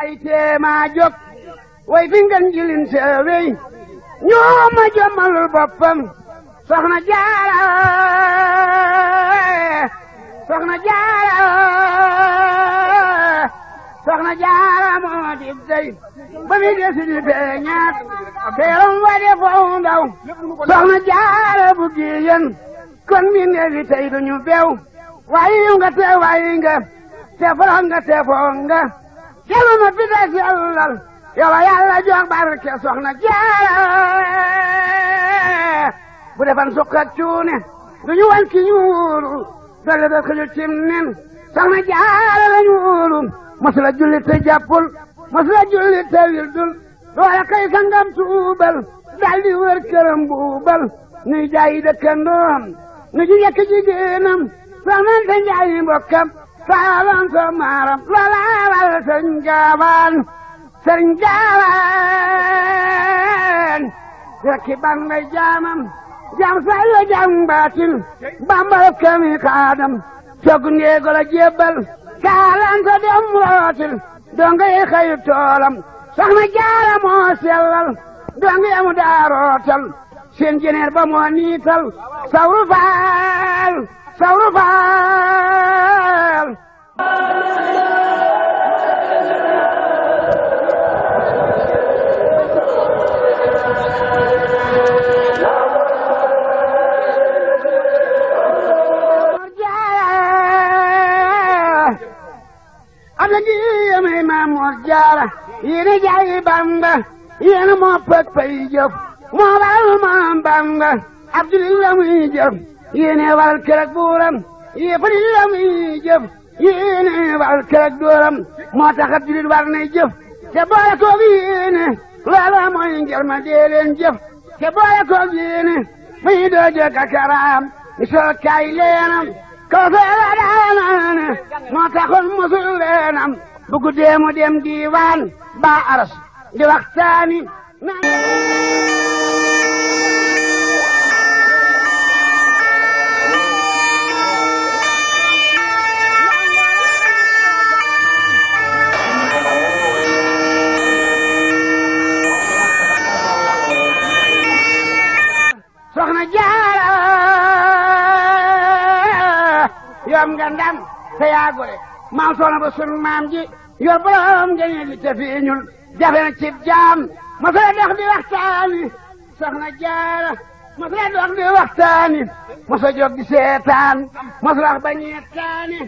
ay tee maa jóg way fi ngeen jilin seewey ñoo ma jommalul boppam soxna jaara soxna jaara moo di ba mi desi di feeñaat teeram wa de foofu ndaw jaara bu jigéen mi ne fi tey duñu beew waaye nga te waaye te forox te foog jalu ma fi des yàllal yàlla yàlla jox barke soxna jaara bu defan suq ak cuune duñu wan ñuulu dolli dal xëjul cim nen soxna jaara julli te jàppul masula julli te wildul loola kay sangam tuubal daal di wër buubal nuy jaayi dëkkandoom nu ji yekk jigéenam soxna te mbokkam saalan maaram la laalal sëñ gaawaan rekki bànnay jaamam jam sayla jam baatin bambal kami kaadam cog la jébbal saalan dem rootil dongay xëy toolam soxna jaara moo sellal dongay mu daarootal seen ba moo niital sawru faal Sawru Faal jaara yéen a jaayi Bamba yéen a moo pëg pay jëf moo waral maam Bamba Abdul la muy jëf yéene waral keroog buuram yéefar yi la muy jëf yéene waral keroog dooram moo tax ab war nay jëf te boole koog yéene loola mooy njëlma dee leen jëf te boole koog yéene bu ñu doo jëkk ak karaam soo kaay leenam kaw fee moo taxoon musul leenam bu guddee mu dem diiwaan baa aras di waxtaani jaara yoom nga ndam te yaa gore maam soxna ba sunu maam ji yor borom nga ñu li te fii ñun jafe na cib jaam ma fay dox di waxtaani soxna jaara ma fay dox di waxtaani ma sa jóg di seetaan ma sa wax ba ñeetaani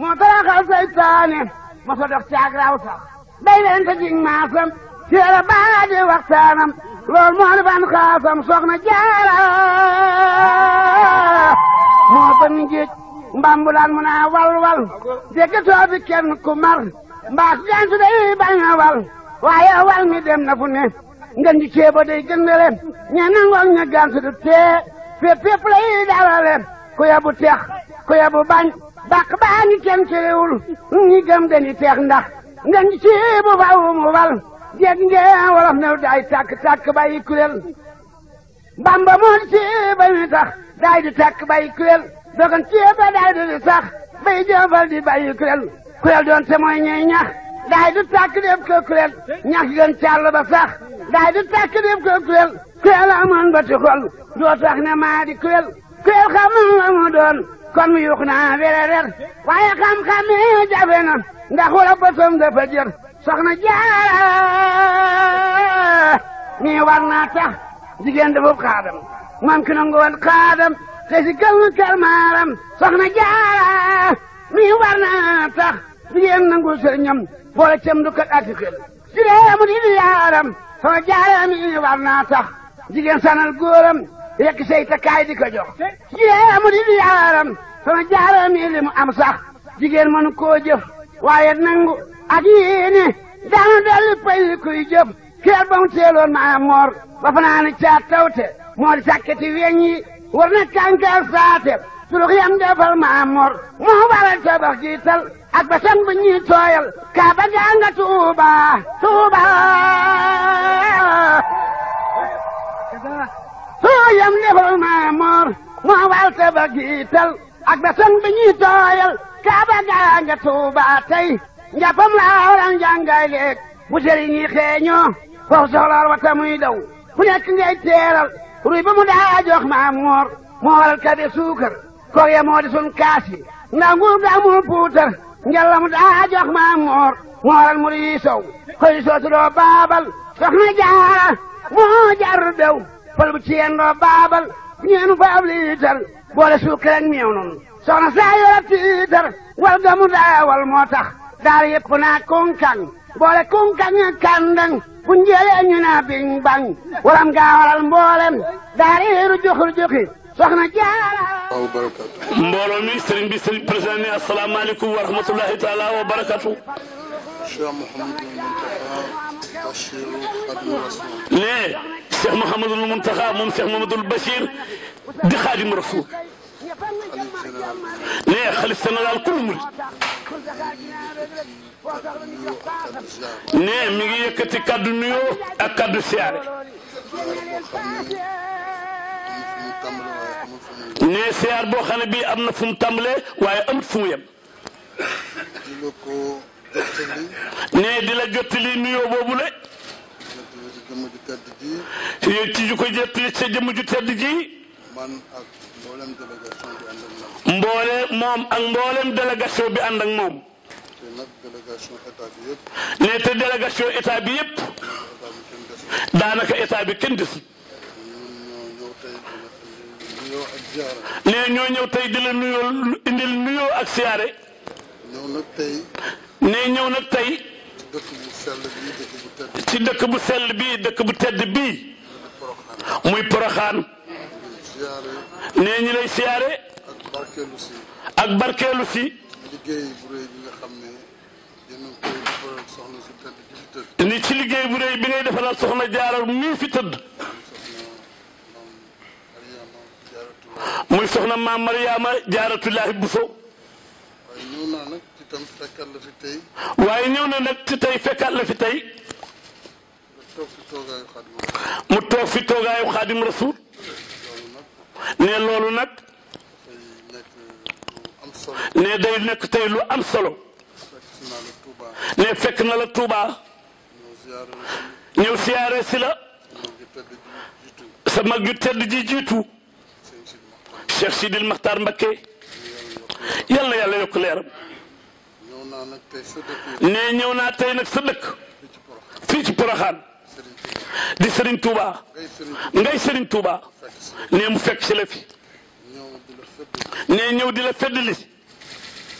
moo taraxal saytaani ma sa dox caag raw sax day leen ta jig maasam ci la baa di waxtaanam lool moo la ban xaasam soxna jaara moo ban njiit mbambulaan mu naa wal wal dégg too bi kenn ku mar mbaa ku gàntu bañ a wal waaye wal mi dem na fu ne ngën ji ceeba day gëndale ña nangoog ña gàntu du tee fépp fépp lay dalale ku yebu teex ku yebu bañ bàq baa ngi kenn cëriwul ñi gëm dañu teex ndax ngën ji ceebu fawu mu wal jeg ngeen wolof new daay tàkk tàkk bàyyi kuréel bamba moon ci ba ñu tax daay di tàkk bàyyi kuréel dogan ci ba daay di sax bay jëmbal di bàyyi kuréel kuréel doon te mooy ñuy ñax daay di tàkk def ko kuréel ñax gën càll ba sax daay di tàkk def ko kuréel kuréel amoon ba ti xol doo tax ne maa di kuréel kuréel xam na mu doon kon mu yuux naa wererer waaye xam-xam yi jafe na ndax wala bëtam dafa jër soxna jaara mii war naa tax jigéen dafa xaadam moom ki nangu woon xaadam te si gël kalmaaram soxna jaara mii war tax jigéen nangu sëriñam boole cem du kat ak xel si réemu di yaaram soxna jaara mii war naa tax jigéen sanal góoram yekk say takkaay di ko jox si réemu di yaaram soxna jaara mii li mu am sax jigéen mënu koo jëf waaye nangu ak yéene daanu dellu pay kuy jëf keer ba mu maa moor ba fanaani caat moo di sakkati weñ yi war na kànkaar saate sulux yam defal maa moor moo waral tabax jiital ak basam bu ñuy tooyal kaa ba gaa nga tuuba tuuba sulux tey njàppam laa war am jàngaay leeg bu sëriñ yi xeeñoo foofu soxlaar wata muy daw ku nekk ngay teeral ruy ba mu daa jox maa moor moo waral kabe suukar koog ya moo di sun kaas yi ndax nguur daa moo puutar njalla mu daa jox maa moor moo waral mu rii sow koy sootu doo baabal soxna jaara moo jar dew fal bu ciyeen doo baabal ñeenu faab liitar boole suukar ak meew noonu soxna saa yora tiitar wal gamu daawal moo tax daar yëpp naa kunkan boole kunkan ak kàndang bu njëlee ñu naa biñ bañ waram gaa waral mboolem daar yi rujux rujuxi soxna jaara mbooloo mi sëriñ bi sëriñ président ne asalaamaaleykum wa rahmatulahi taala wa barakatu nee Cheikh Mouhamadul Muntaxa moom Cheikh Mouhamadul Bachir di xaadim rasul nee xalif général ku murit nee mi ngi yëkkati kaddu nuyoo ak kaddu siyaare nee siyaar boo xam ne bii am na fu mu tàmbalee waaye amut fu yem nee di la jottali nuyoo boobu le ci ju ko jottali sa jëmm ju tedd ji man ak mboolem délégation bi ànd mboole moom ak mboolem délégation bi ànd ak moom. ne te délégation état bi yëpp. daanaka état bi kenn desul. ne ñoo ñëw tey di la nuyoo indil nuyoo ak siyaare. ne ñëw nag tey. ci dëkk bu sell bii dëkk bu tedd bii. muy poroxaan. ne ñi lay siyaare. barkeelu si ak barkeelu si liggéey bu rëy bi nga xam ne yéen a ngi koy defaral soxna si tëdd di fi tëdd ni ci liggéey bu rëy bi ngay defaral soxna jaaral mii fi tëdd muy soxna maam Mariama Jaaratulaahi Buso waaye ñëw naa nag ci tam fekkaat la fi tey waaye ñëw na nag ci tey fekkaat la fi tey mu toog fi toogaayu xaadim rasuul ne loolu nag ne day nekk tey lu am solo ne fekk na la Touba ñëw siyaare si la sa mag ju tedd ji jiitu Cheikh Sidil Makhtar Mbacké yal na yàlla yokk leeram ne ñëw naa tey nag sa dëkk fii ci Porokhane di Serigne Touba ngay Serigne Touba ne mu fekk si la fi ne ñëw di la feddali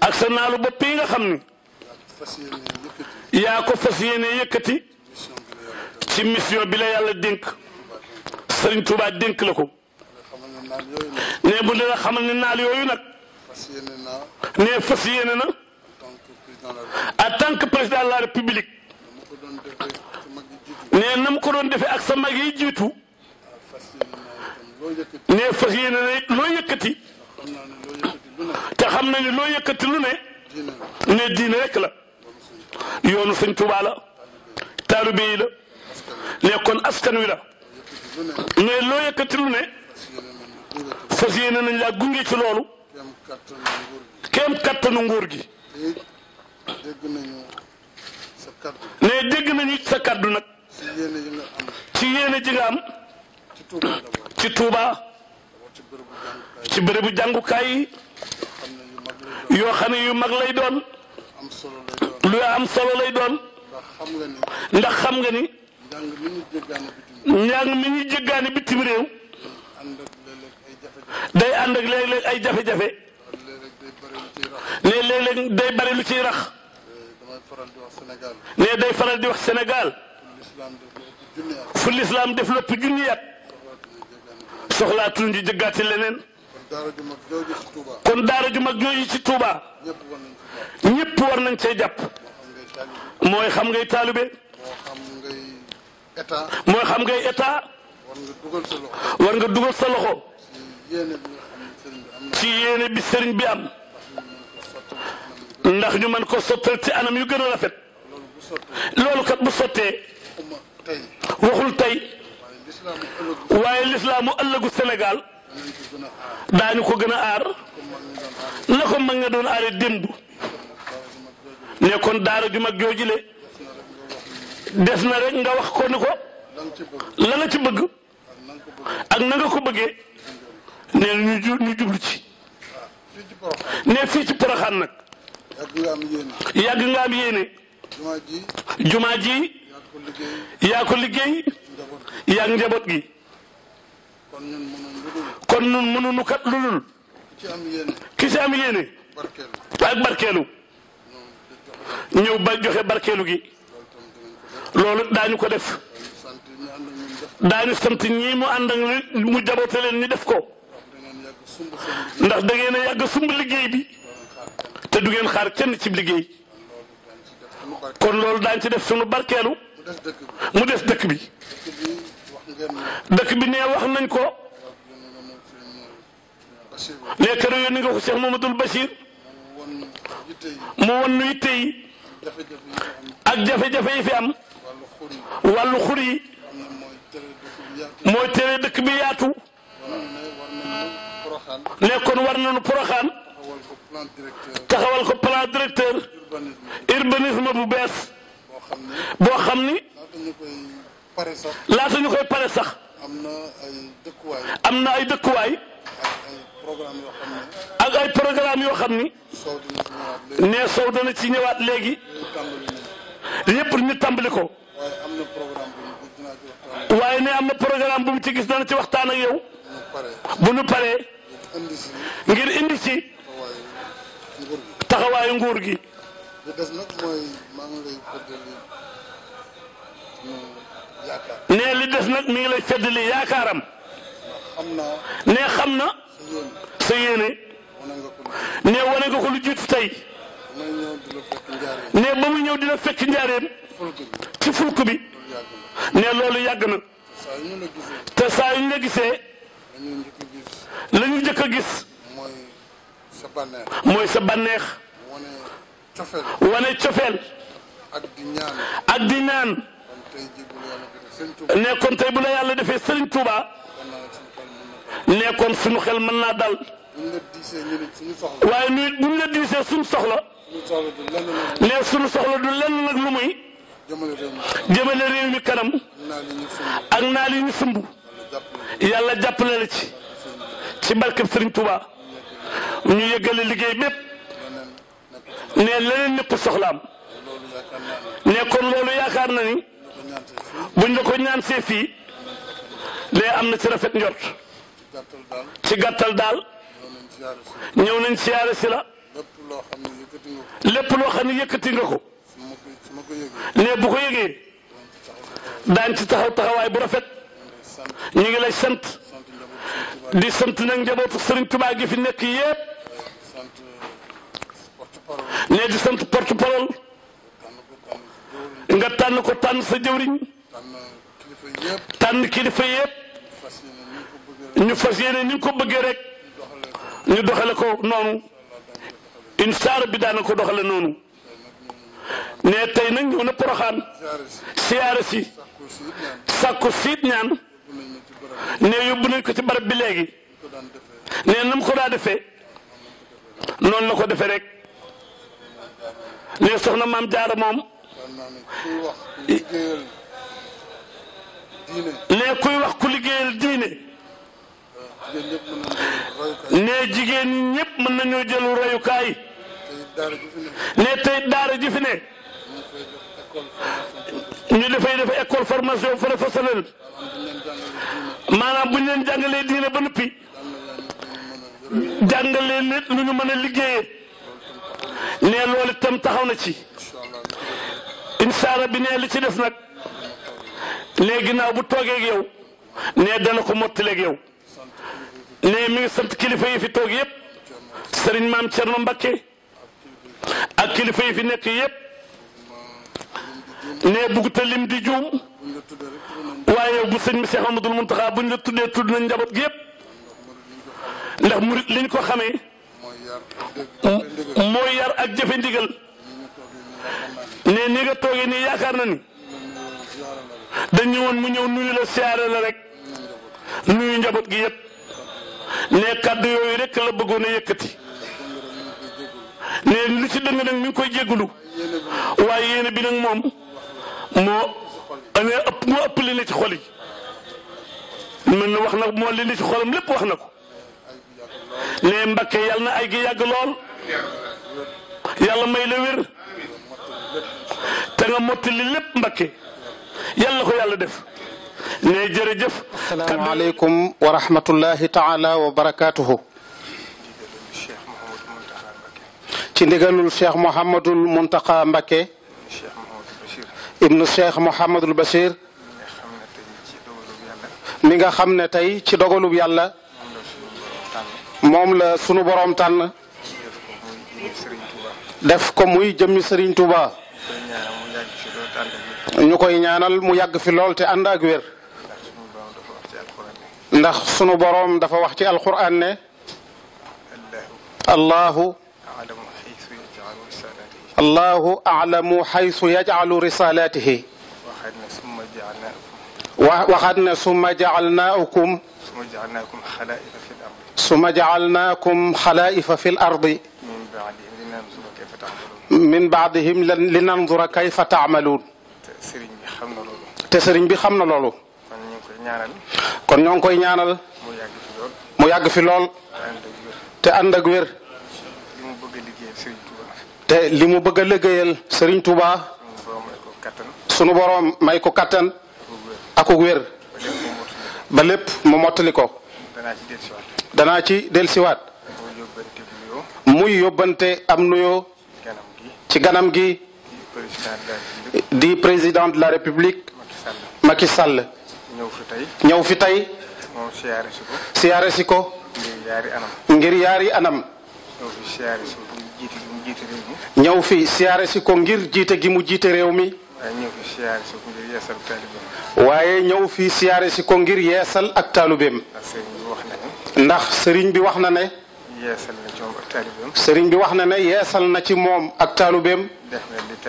ak sa naalu bopp nga xam ni yaa ko fas yéene yëkkati ci mission bi la yàlla dénk Sëriñ Tuubaa dénk la ko ne bu dina xamal ne naal yooyu nag ne fas yéene na en tant que président la république ne na mu ko doon defee ak sa mag yi jiitu ne fas yéene loo yëkkati te xam nañu loo yëkkati lu ne ne diine rek la yoonu sëñ Tuubaa la taalibe yi la kon askan wi la mais loo yëkkati lu ne fas yéene nañ laa gunge ci loolu kéem kattanu nguur gi ne dégg nañu sa kaddu nag ci yéene ji nga am ci Tuubaa ci bërëbu jàngukaay yi yoo xam ne yu mag lay doon lu am solo lay doon ndax xam nga ni njàng mi ñu jëggaani bitim réew day ànd ak léeg ay jafe-jafe ne léeg-léeg day bari lu ciy rax ne day faral di wax Sénégal fu lislaam def lépp junni at soxlaatul jëggaati leneen daara ju mag kon daara ju mag jooju ci Touba. ñëpp war nañ cee jàpp. mooy xam ngay taalibe. mooy xam ngay état. war nga dugal sa loxo. nga dugal sa loxo. ci yéene bi sëriñ bi am. ndax ñu mën ko sottal ci anam yu gën a rafet. loolu kat bu sottee. waxul tey. waaye lislaamu ëllëgu Sénégal. daañu ko gën a aar la ko mag nga doon aare démb ne kon daara ju mag jooju le des na rek nga wax ko ni ko la la ci bëgg ak na ko bëggee ne ñu ñu jublu ci ne fii ci Porokhane nag yàgg nga yéene jumaa ji yaa ko liggéey yaa njaboot gi kon ñun mënuñu lu dul. lu dul. ki si am yéene. ki si am ak barkeelu. ñëw ba joxe barkeelu gi. loolu daañu ko def. daañu sant ñii mu ànd mu jaboote leen ñu def ko. ndax da ngeen a yàgg sumb liggéey bi. te du ngeen xaar kenn ci liggéey. kon loolu daañ ci def sunu barkeelu. mu des dëkk bi. dëkk bi nee wax nañ ko ne kër yónni nga ko Cheikh Mamadou Bachir mu wan nu ak jafe-jafe yi fi am wàllu xur yi mooy tere dëkk bi yaatu ne kon war nañu poroxaan taxawal ko plan directeur urbanisme bu bees boo xam ni. pare sax laata ñu pare sax. am na ay dëkkuwaay. am na ay dëkkuwaay. ak ay programme yoo xam ni. ne Sow dana ci ñëwaat léegi. yépp ñu tàmbali ko. waaye ne am na programme bu mu ci gis dana ci waxtaan ak yow. bu nu paree. ngir indi ci. taxawaayu nguur gi. li maa ngi nee li des nag mi ngi lay feddali yaakaaram nee xam na sa yéene nee wane nga ko lu jiitu tey nee ba muy ñëw dina fekk njaareem ci fulk bi nee loolu yàgg na te saa yu ñu la gisee la ñu a gis mooy sa bànneex wane cofeel ak di ñaan ne kon tey bu la yàlla defee Serigne Touba ne kon sunu xel man naa dal waaye nuy buñ la diisee suñu soxla ne suñu soxla du lenn nag lu muy jëmale réew mi kanam ak naa li ñu sumb yàlla jàppale la ci ci barkeb sëriñ Touba ñu yëggale liggéey bépp ne leneen nekk soxlaam ne kon loolu yaakaar na ni. buñ la ko ñaan see fii lee am na ci rafet njort ci gàttal daal ñëw nañ siyaare si la lépp loo xam ne yëkkati nga ko ne bu ko yëgee daan ci taxaw taxawaay bu rafet ñu ngi lay sant di sant nag njabootu Serigne Touba gi fi nekk yépp ne di sant porte nga tànn ko tànn sa jëwriñ tànn kilifa yëpp ñu fas yéene ni ko bëggee rek ñu doxale ko noonu insaar bi daana ko doxale noonu ne tey nag ñëw na poroxaan siyaare si sàkku siit ñaan ne yóbbu nañ ko ci barab bi léegi ne nam ko daa defee noonu la ko defee rek ne soxna maam jaara moom ne kuy wax ku liggéeyal diine. ne jigéen ñëpp mën nañoo jël royukaay. ne tey daara ji fi ne. ñu dafay def école formation professionnelle. maanaam bu ñu leen jàngalee diine ba noppi. jàngalee nit lu ñu mën a liggéeyee. ne loolu itam taxaw na ci. insaara bi nee li ci des nag ne ginnaaw bu toogee ak yow ne dana ko mottaleeg yow ne mi ngi sant kilifa yi fi toog yëpp sëriñ maam Thierno Mbakke ak kilifa yi fi nekk yëpp ne buguta lim di juum waaye bu sëñ bi Cheikh Amadou Mountakha buñ la tuddee tudd nañ njaboot gi ndax murit liñ ko xamee mooy yar ak jëfe ndigal ne ni nga toogee nii yaakaar na ni dañ ñëwoon mu ñëw nuyu la siyaare la rek nuyu njaboot gi yëpp ne kàddu yooyu rek la bëggoon a yëkkati ne lu ci dëng nag mi ngi koy jéggulu waaye yéene bi nag moom moo ne ëpp moo ëpp li ne ci xol yi mën na wax na moo li ne ci xolam lépp wax na ko ne mbakke yàlla na ay gi yàgg lool yàlla may la wér te nga mottali lépp mbakke yàlla ko yàlla def ne jërëjëf asalaamaaleykum wa rahmatullahi taala wa barakaatuhu ci ndigalul cheikh mouhamadul muntaqa mbakke ibnu cheikh mouhamadul bachir mi nga xam ne tey ci dogalub yàlla moom la sunu boroom tànn def ko muy jëmmi sëriñ Tuuba ñu koy ñaanal mu yàgg fi lool te ànd ak wér ndax sunu boroom dafa wax ci alquran ne allahu allahu alamu xaysu yajcalu risalatihi waxaat ne summa jacalnaakum summa jacalnaakum xalaa'ifa fi lardi min bacdihim linandura kayfa tacmaluun sëriñ xam na loolu. te sëriñ bi xam na loolu. kon ñoo ngi koy ñaanal. mu yàgg fi lool. te ànd ak wér. te li mu bëgg a liggéeyal sëriñ tuuba sunu boroom may ko kattan. akuk wér. ba lépp mu mottali ko. danaa ci dellusiwaat. muy yóbbante am nuyoo. ci ganam gi. di président de la république. Macky Sall. ñëw fi tey. ñëw siyaare si ko. ngir yaari anam. ngir yaari anam. ñëw fi siyaare si ko ngir jiite gi mu jiite réew mi. ñëw fi siyaare si ko ngir jiite waaye ñëw fi siyaare si ko ngir yeesal ak taalibeem. ndax sëriñ bi wax na ne. Sering na ci moom ak taalibeem. sëriñ bi wax na ne yeesal na ci moom ak taalibeem. def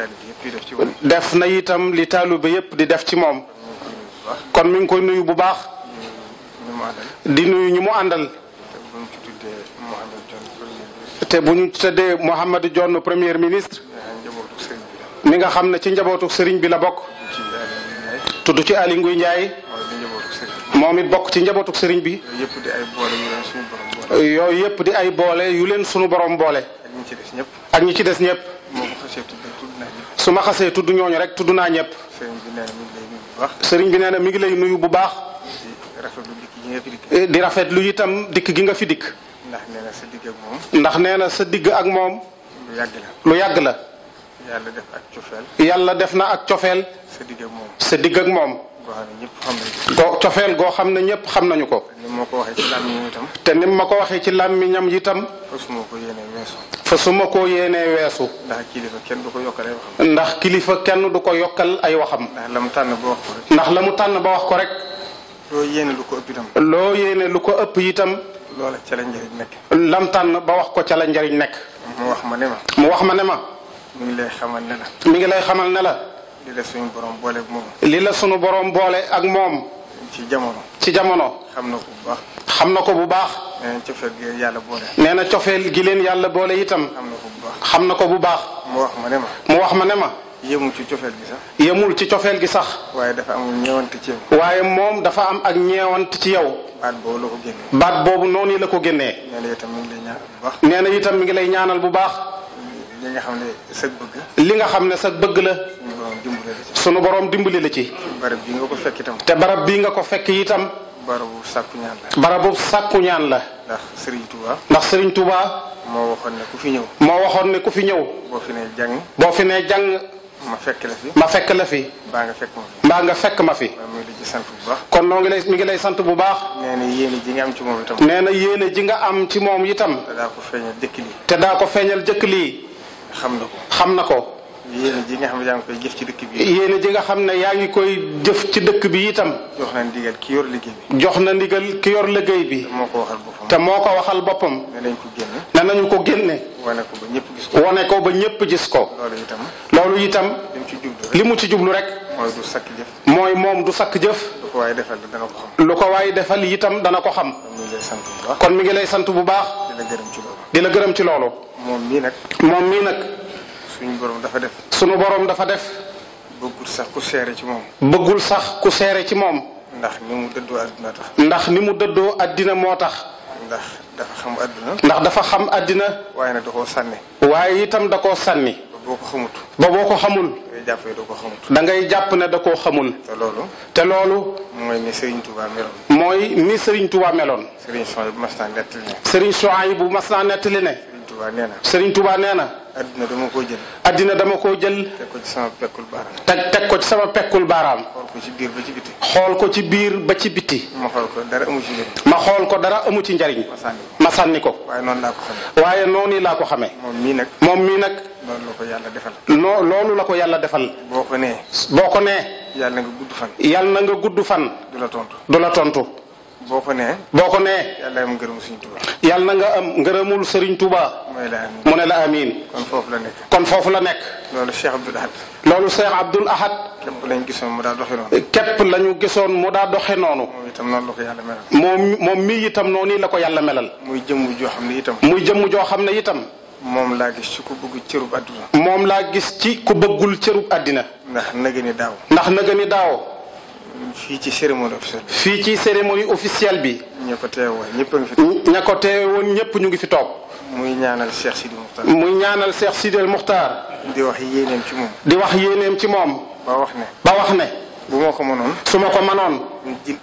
na li yëpp di def ci moom. def na itam li taalibe yëpp di def ci moom. kon mi ngi koy nuyu bu baax. di nuyu ñu mu àndal. te bu ñu tëddee Mouhamadou John premier ministre. mi nga xam ne ci njabootu sëriñ bi la bokk. tudd ci Aly Ndiaye. moom it ci njabootu sëriñ bi. yooyu yëpp di ay boole yu leen sunu borom boole. ak ñi ci des ñëpp. ak ñi ci des ñëpp. su ma xasee tudd ñooñu rek tudd naa ñëpp. sëriñ bi nee na mi ngi lay nuyu bu baax. di rafet nee itam dikk gi nga fi dikk. ndax nee na sa digg ak moom. lu yàgg la yàlla def na ak cofeel. sa digg sa digg ak moom. go cofeel goo xam ne ñëpp xam nañu ko. te ni ma ko waxee ci làmmiñam itam. fa su ma ko yéenee weesu. ndax kilifa kenn du ko yokkal ay waxam. ndax kilifa kenn du ko yokkal ay waxam. ndax tànn ba wax ko rek. ndax la mu tànn ba wax ko rek. loo yéene lu ko ëpp itam. loo yéene lu ko ëpp itam. loola ca ba wax ko ca la njëriñ nekk. mu wax ma ne ma. mu wax ma ne ma. ngi lay xamal ne la. mi ngi lay xamal ne la. li la suñu borom boole ak moom. li la suñu borom boole ak moom. ci jamono. ci jamono. xam na ko bu baax. xam na ko bu baax. nee na cofeel boole. nee na cofeel gi leen yàlla boole itam. xam xam na ko bu baax. mu wax ma ne ma. mu wax ma ne ma. yemul ci cofeel gi sax. yemul ci cofeel gi sax. waaye dafa am ñeewant waaye moom dafa am ak ñeewant ci yow. baat boobu la ko génnee. baat boobu noonu la ko génnee. nee itam mi ngi lay ñaanal bu baax. li nga xam ne sag bëgg. li nga xam ne sag bëgg la. sunu boroom dimbali la ci. barab bii nga ko fekk itam. te barab bii nga ko fekk itam. barabu sàkku ñaan la. barabu sàkku ñaan la. ndax Serigne Touba. ndax sëriñ Touba. moo waxoon ne ku fi ñëw. moo waxoon ne ku fi ñëw. boo fi nee jàng. boo fi nee ma fekk la fi. ma fekk la fi. mbaa nga fekk ma fi. mbaa nga kon noo ngi lay mi sant bu baax. nee na yéene ji nga am ci moom itam. nee na yéene ji nga am ci moom itam. te daa ko feeñal jëkk lii. te daa ko feeñal jëkk lii. xam na ko xam na ko. yéen ji nga xam ne yaa ngi koy jëf ci dëkk bi. yéen ji nga xam ne yaa ngi koy jëf ci dëkk bi itam. jox na ndigal ki yor liggéey bi. jox na ndigal ki yor liggéey bi. moo ko waxal boppam te moo ko waxal boppam. danañ ko génne. danañ ko génne. wane ko ba ñëpp gis ko. wane ko ba ñëpp gis ko. loolu itam. loolu itam. li mu ci jublu rek. mooy du sakk jëf. mooy moom du sakk jëf. lu ko waay defal dana ko xam. ko waay defal itam dana ko xam. kon mi ngi lay sant bu baax. di la gërëm ci loolu. di gërëm ci loolu. moom mii nag. moom mii nag. suñu borom dafa def. suñu boroom dafa def. bëggul sax ku seere ci moom. bëggul sax ku seere ci moom. ndax ni mu dëddoo àddina ndax ni mu dëddoo àddina moo tax. ndax dafa xam àddina. ndax dafa xam àddina. waaye nag da koo sànni. waaye itam da koo sànni. boo ko xamut. ba boo ko xamul. da ngay jàpp ne da koo ngay jàpp ne da koo xamul. te loolu. te loolu. mooy mi Serigne Touba meloon. mooy mi Serigne Touba meloon. Serigne Souhaïbou bu mas naa nettali ne. Serigne ne. Touba nee na. Serigne Touba nee na. addina dama koo jël. addina dama koo jël. teg ko ci sama pekkul baaraam. teg teg ko ci sama pekkul baaraam. xool ko ci biir ba ci biti. xool ko ci biir ba ci biti. ma xool ko dara amu ci njëriñ. ma xool ko dara amu ci njëriñ. ma sànni ko ma sànni ko. waaye noonu laa ko xamee. waaye noonu laa ko xamee. moom mii nag. moom mii nag. loolu la ko yàlla defal. noo loolu la ko yàlla defal. boo ko boo ko nee. yàlla nga gudd fan. gudd fan. du la tontu du la tontu. boo ko nee. boo ko nee. yàlla am ngërëmul Serigne yàlla nga am ngërëmul Serigne Touba. mu ne la amiin kon foofu la nekk. kon foofu la nekk. loolu Cheikh Abdoul Ahad. loolu Cheikh Abdoul Ahad. képp lañ gisoon mu daa képp lañu gisoon mu daa doxee noonu. moom itam noonu la ko yàlla melal. moom mii itam noonu la ko yàlla melal. muy jëm joo xam ne itam. muy jëmm joo xam ne itam. moom laa gis ci ku moom laa gis ci ku bëggul cërub àddina. ndax naga ni daaw. ndax naga daaw. fii ci cérémonie officielle bi. fii ci cérémonie bi. ña ko teewoon ñëpp teewoon ñëpp ñu ngi fi toog. muy ñaanal Cheikh Sidi Muxtaar. muy ñaanal Cheikh Sidi Muxtaar. di wax yéeneem ci moom. di wax yéeneem ci moom. ba wax ne. ba wax ne. bu ma ko mënoon. su ma ko mënoon.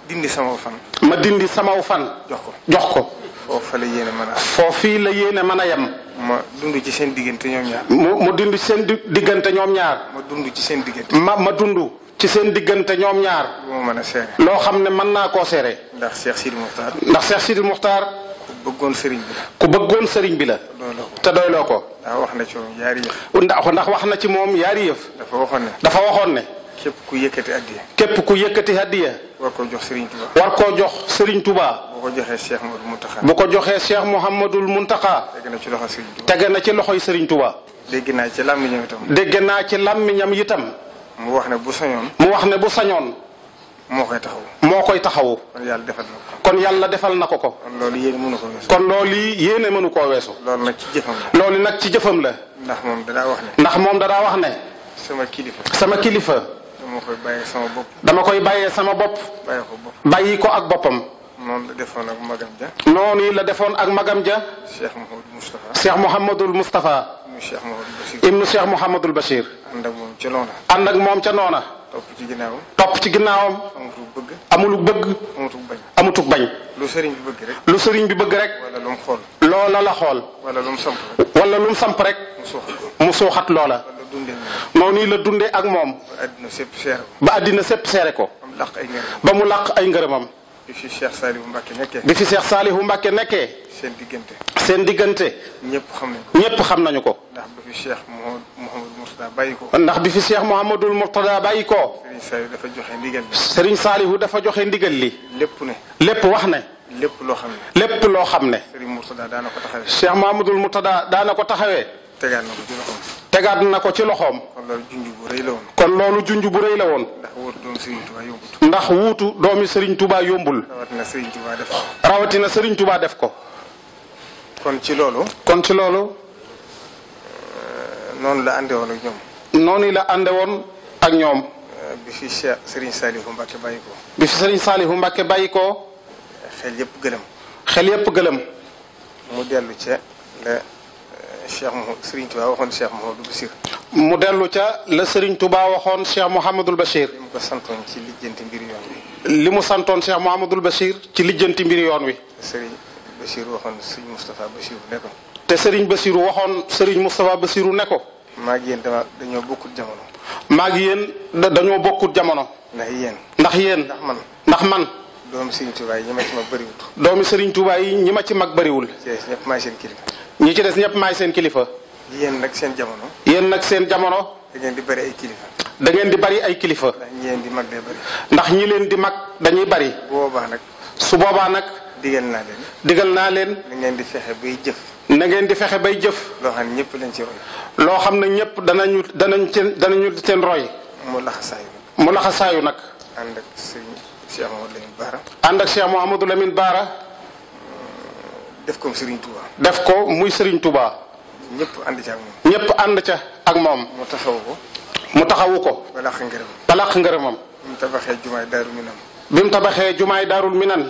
dindi sama fan. ma dindi samaw fan. jox ko jox ko. foofu la yéene mën a. foofii la yéene mën a yem. ma dund ci seen diggante ñoom mu mu dund ci seen diggante ñoom ñaar. ma dund ci seen diggante. ma ma dund. ci seen diggante ñoom ñaar. loo mën a seere. loo xam ne mën naa koo seere. ndax Cheikh Sidi Muxtaar. ndax Cheikh Sidi Muxtaar. bëggoon sëriñ bi ku bëggoon sëriñ bi la. te doyloo ko. ndax wax na ci moom yaari yëf. ndax wax na ci moom yaari yëf. dafa waxoon ne. dafa waxoon ne. képp ku yëkkati addiya. képp ku yëkkati addiya. war koo jox sëriñ Touba. war koo jox sëriñ Touba. bu ko joxee Cheikh Mouhamadul Mountakha. bu ko joxee Cheikh Mouhamadul Mountakha. tege na ci loxoy sëriñ Touba. tege na ci loxoy sëriñ Touba. dégg naa ci làmmiñam itam. dégg naa ci làmmiñam itam. mu wax ne bu sañoon. mu wax ne bu sañoon. moo koy taxawu moo koy taxawu. kon yàlla defal na ko. kon yàlla defal na ko ko. kon loolu yéene mënu koo weesu. kon loolu yéene mënu koo weesu. loolu nag ci jëfam la. loolu nag ci jëfam la. ndax moom danaa wax ne. ndax moom danaa wax ne. sama kilifa. sama kilifa. dama koy bàyyee sama bopp. dama koy bàyyee sama bopp. bàyyi ko boppam bàyyi ko ak boppam. noonu la defoon ak magam ja. noonu la defoon ak magam ja. Cheikh Mouhamadul Moustapha. Cheikh Mouhamadul Moustapha. ibnu Cheikh Mouhamadul Bachir. ànd ak moom ca noona. ànd ak moom ca noona. topp ci ginnaawam. topp ci ginnaawam. amatul bëgg. amulu bëgg. amatul bañ. lu sëriñ bi bëgg rek. lu sëriñ bi bëgg rek. wala lu mu xool. loola la xool. wala lu mu samp rek. wala lu mu samp rek. mu suuxat ko mu suuxat loola. moo nii la dundee ak moom. ba àddina sépp seere ko. ba àddina ba mu làq ay ngërëmam. bi fi Cheikh Salihu Mbacke nekkee. bi fi Cheikh Salihu Mbacke nekkee. seen diggante. seen diggante. ñëpp xam nañu ko ñëpp xam nañu ko. ndax bi fi Cheikh Mouhamadul Mourtada bàyyi ko. ndax bi fi Cheikh Mouhamadul Mourtada bàyyi ko. Serigne Saliou dafa joxe ndigal li. Serigne dafa joxe ndigal li. lépp ne. lépp wax ne. lépp loo xam ne. lépp loo xam ne. Serigne Mourtada daana ko taxawee. Cheikh Mouhamadul Mourtada daana ko taxawee. tegaat na ko ci loxoom. tegaat na ko ci loxoom. kon loolu junj bu rëy la woon. kon ndax wuutu doomi Serigne Touba yombul. yombul. rawatina Serigne Touba rawatina Serigne Touba def ko. kon ci loolu. kon ci loolu. Euh, noonu la ànde woon ak ñoom. noonu la ànde woon ak ñoom. Euh, bi fi Serigne Saliou Mbacke bàyyi ko. bi fi Serigne Saliou Mbacke bàyyi ko. xel yëpp gëlëm. xel yëpp gëlëm. mu dellu ca la euh, Cheikh Mou Serigne Touba waxoon Cheikh Mouhamadou Bachir. mu dellu ca la Serigne Touba waxoon Cheikh Mouhamadou Bachir. li mu santoon ci lijjanti mbir yoon wi. li mu santoon Cheikh Mouhamadou Bachir ci lijjanti mbir yoon wi. Serigne. Bachir waxoon sëriñ Moustapha Bachir ne ko. te sëriñ Bachir waxoon sëriñ Moustapha Bachir ne ko. maa ngi yéen dama dañoo bokkut jamono. maa ngi yéen dañoo bokkut jamono. ndax yéen. ndax yéen ndax man. ndax man. doomi sëriñ Touba yi ñi ma ci mag bëriwul. ñi ma ci mag bëriwul. ñëpp maay seen kilifa. ñi ci des ñëpp maay seen kilifa. yéen nag seen jamono. yéen nag seen jamono. da ngeen di bëri ay kilifa. da ngeen di bëri ay kilifa. ndax ñi leen di mag day bëri. ndax ñi leen di mag dañuy bëri. su boobaa nag. digal naa leen. digal naa leen. na ngeen di fexe bay jëf. na ngeen di fexé bay jëf. lo xam ñepp lañ ci roy. lo xam ne ñëpp danañu danañ seen danañu seen roy. mu la nag. mu laxasaayu nag. ànd ak Cheikh Lamine ak Cheikh Mouhamadou Lamine bara mm, def ko serigne Touba. def ko muy serigne Touba. ñepp and ci ak mom ñepp and ci ak mom mu taxawu ko. mu taxawu ko. balaax ngërëmam. balaax ngërëmam. bi mu tabaxé jumaay darul minan. Bim tabaxé tabaxee jumaay minan.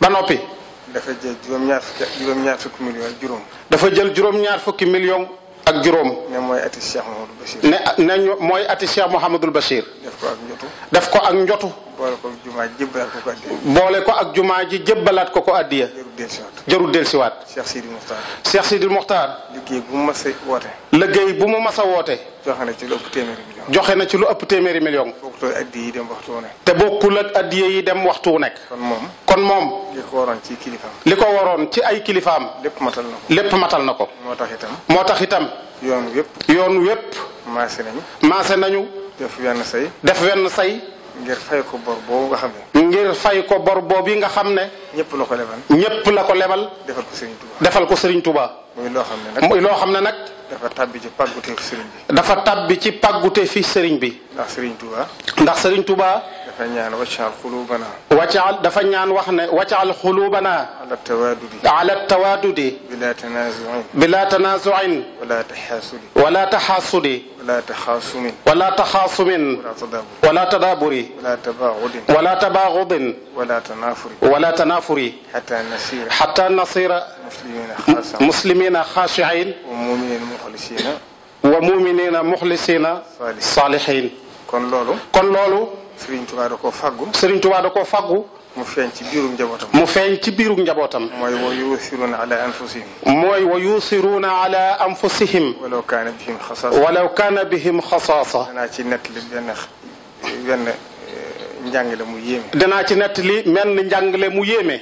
ba noppi. dafa jël juróom-ñaar fukki million ak juróom. dafa jël juróom fukki million ak juróom. ne mooy ati Cheikh Mouhamadul Bachir. ne ne mooy ati Cheikh Mouhamadul Bachir. def ko ak njotu. def ko ak boole ko ak jumaa ji jébbalaat balaat ko ko ak jumaa ji jébbalaat ko ko addiya. jarul dellusiwaat. jarul dellusiwaat. Cheikh Sidil Mokhtar. Cheikh Sidil bu mu mas woote. liggéey bu mu mas a woote. joxe na ci lu téeméeri joxe na ci lu ëpp téeméeri million. te bokkul ak addiye yi dem waxtu wu nekk. kon moom kon moom. li ko waroon ci kilifaam. li ko waroon ci ay kilifaam. lépp matal na ko lépp matal na ko. moo tax itam. moo tax itam. yoon wépp. yoon wépp. nañu. maase nañu. def wenn say. def wenn say. ngir fay ko bor boobu nga xam ne. ngir fay ko bor boobu yi nga xam ne. ñëpp la ko lebal. ñëpp la ko lebal. defal ko Serigne Touba ko Serigne Touba. muy loo xam ne nag muy loo xam ne nag. dafa tabbi ci pàggute fi Serigne bi. dafa tabbi ci pàggute fi sëriñ bi. ndax Serigne Touba. ndax Serigne Touba. dafa ñaan waccaal xulubana waccaal dafa ñaan wax ne waccaal xulubana ala tawadudi ala tawadudi ولا تخاصم ولا تخاصم ولا تدابر ولا تدابر ولا تباغض ولا تباغض ولا تنافر ولا تنافر حتى نصير حتى نصير مسلمين خاشعين مسلمين خاشعين ومؤمنين مخلصين ومؤمنين مخلصين صالحين كن لولو كن لولو Serigne Touba da koo faggu. Serigne Touba da faggu. mu feeñ ci biirum njabootam. mu feeñ ci biirum njabootam. mooy wa yuusiruuna anfusihim. mooy wa yuusiruuna ala anfusihim. walaw kaana bihim kaana bihim xasaasa. danaa ci nettali benn benn eh, njàngale mu yéeme.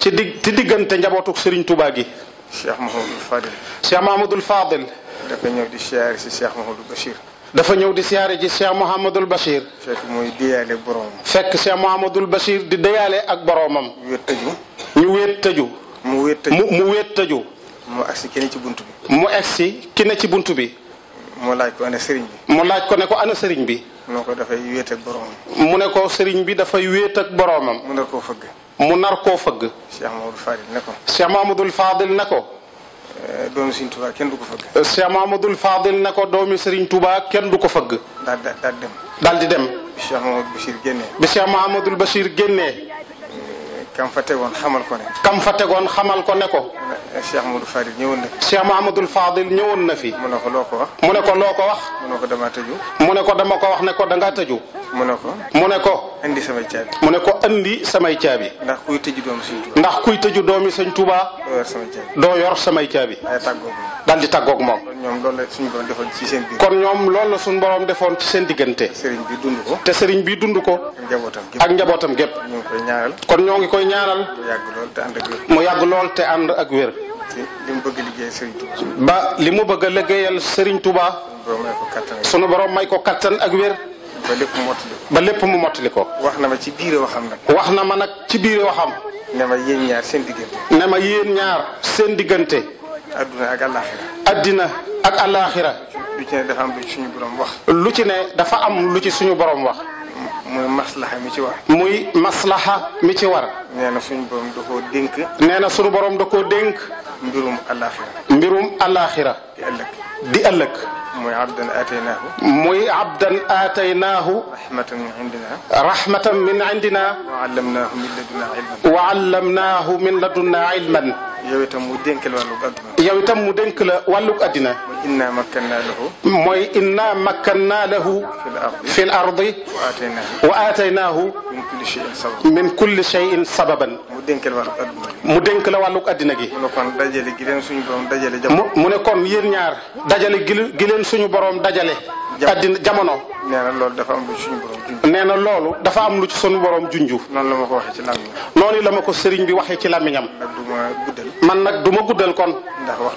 ci ci diggante njabootu Serigne Touba gi. ci ci diggante njabootu dafa ñëw di siyaare ji Cheikh Mouhamadul Bachir. fekk muy deyaale boromam. fekk Cheikh Mouhamadul bashir di deyaale ak boromam. ñu wéet tëju. ñu wéet tëju. mu wéet tëju mu agsi ki ne ci buntu bi. mu agsi ki ne ci bunt bi. mu laaj ko ana sëriñ bi. mu laaj ko ne ko ana sëriñ bi. mu ne ko dafay wéet ak boromam. mu ne ko sëriñ bi dafay wéet ak boromam. mu nar koo fëgg. mu nar koo fëgg. Cheikh Mouhamadul Fadil ne ko. Cheikh ne ko. Eh, doomi Serigne Touba kenn du ko fëgg. Eh, Cheikh Mahamadul Fadil ne ko doomi Serigne Touba kenn du ko fëgg. daal di daal di dem. bi Cheikh Mahamadul Bachir génnee. bi Cheikh Mahamadul Bachir eh, kam fa tegoon xamal ko ne. kam fa tegoon xamal ko ne ko. Cheikh Mahamadul Fadil ñëwoon na fi. Cheikh ñëwoon na fi. mu ne ko loo ko wax. mu ne ko loo ko wax. ko dama tëju. mu ne ko dama ko wax ne ko da tëju. mu ne ko. moneko sama sama mu ne ko andi sama caabi ndax kuy teju doomi seigne touba ndax kuy teju doomi seigne touba do yor samay caabi dal di seen moom kon ñom loolu suñu borom defon ci seen ko te sëriñ bi dund ko ak kon ñoo ngi koy ñaaral mu yag lool te and ak wér ba li mu bëgg a liggéeyal sëriñ touba sunu borom may ko kattan ak wër ba lépp mu mottali ba lépp mu mottali ko. wax na ma ci biir waxam nag. wax na ma nag ci biir waxam. ne ma yéen ñaar seen diggante. ne ma yéen ñaar seen diggante. adduna ak àllaaxira. addina ak àllaaxira. lu ci ne dafa am lu ci suñu borom wax. lu ci ne dafa am lu ci suñu borom wax. muy maslaxa mi ci war. muy mi ci war. nee na suñu borom da koo dénk. nee na suñu borom da koo dénk. mbirum àllaaxira. mbirum àllaaxira. di ëllëg. ëllëg. مي عبدا اتيناه موي عبدا اتيناه رحمه من عندنا رحمه من عندنا وعلمناه من لدنا علما وعلمناه من لدنا علما يويتام مو دنكل والو ادنا يويتام مو دنكل والو ادنا انا مكنا له موي انا مكنا له في الارض في الارض واتيناه واتيناه من كل شيء سببا من كل شيء سببا dénk la mu dénk la wàllug addina gi. mu ne kon dajale gi suñu borom dajale. jamono mu ne yéen ñaar dajale gi leen suñu borom dajale. addina jamono. nee loolu dafa am lu suñu borom junj. nee na loolu dafa am lu ci suñu borom junj. noonu la ma ko waxee ci làmmiñam. noonu ko sëriñ bi waxee ci làmmiñam. man nag du ma guddal. man nag kon.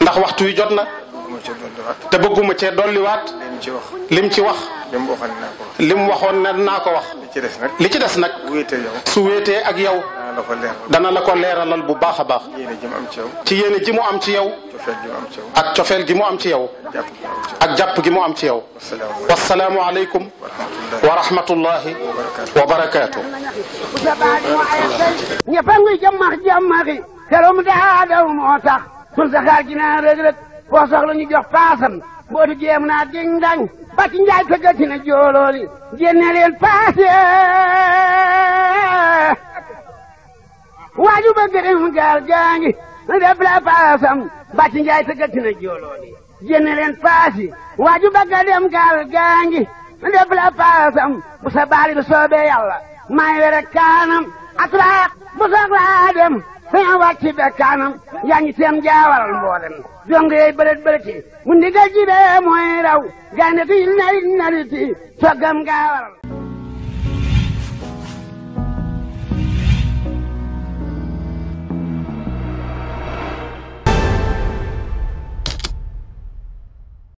ndax waxtu wi jot na. ndax waxtu wi jot na. te bëgguma cee dolliwaat. lim ci wax lim ci wax. lim waxoon ne naa ko wax. li ci des nag. li ci des nag. su wéetee ak yow. la dana la ko leralal bu baax a baax. ci yene ji mu am ci yow. ak cofeel gi mu am ci yow. ak jàpp gi mu am ci yow. wasalaamu alaykum wa rahmatullahi wa barakaatu. ñëpp a ma jàmmax kéro mu daa daw moo tax. sun saxaar gi na rëg rëg. boo soxla ñu jox paasam. bo di jéem na ding dang. ba ci njaay fëggatina joolooli. génne leen paase. waaju ba gërëm gaal gaa ngi def la paasam bàcc njaay tëggati na jooloon leen paas waaju ba gërëm gaal gaa ngi def la bu sa bi soobee yàlla maa ngi kaanam atraaq bu soxlaa dem sañ a be kaanam yaa ngi teem mboolem dong yey bërët bërëti mu ndigal ji bee raw gaynde ti nari nari soggam gaawaral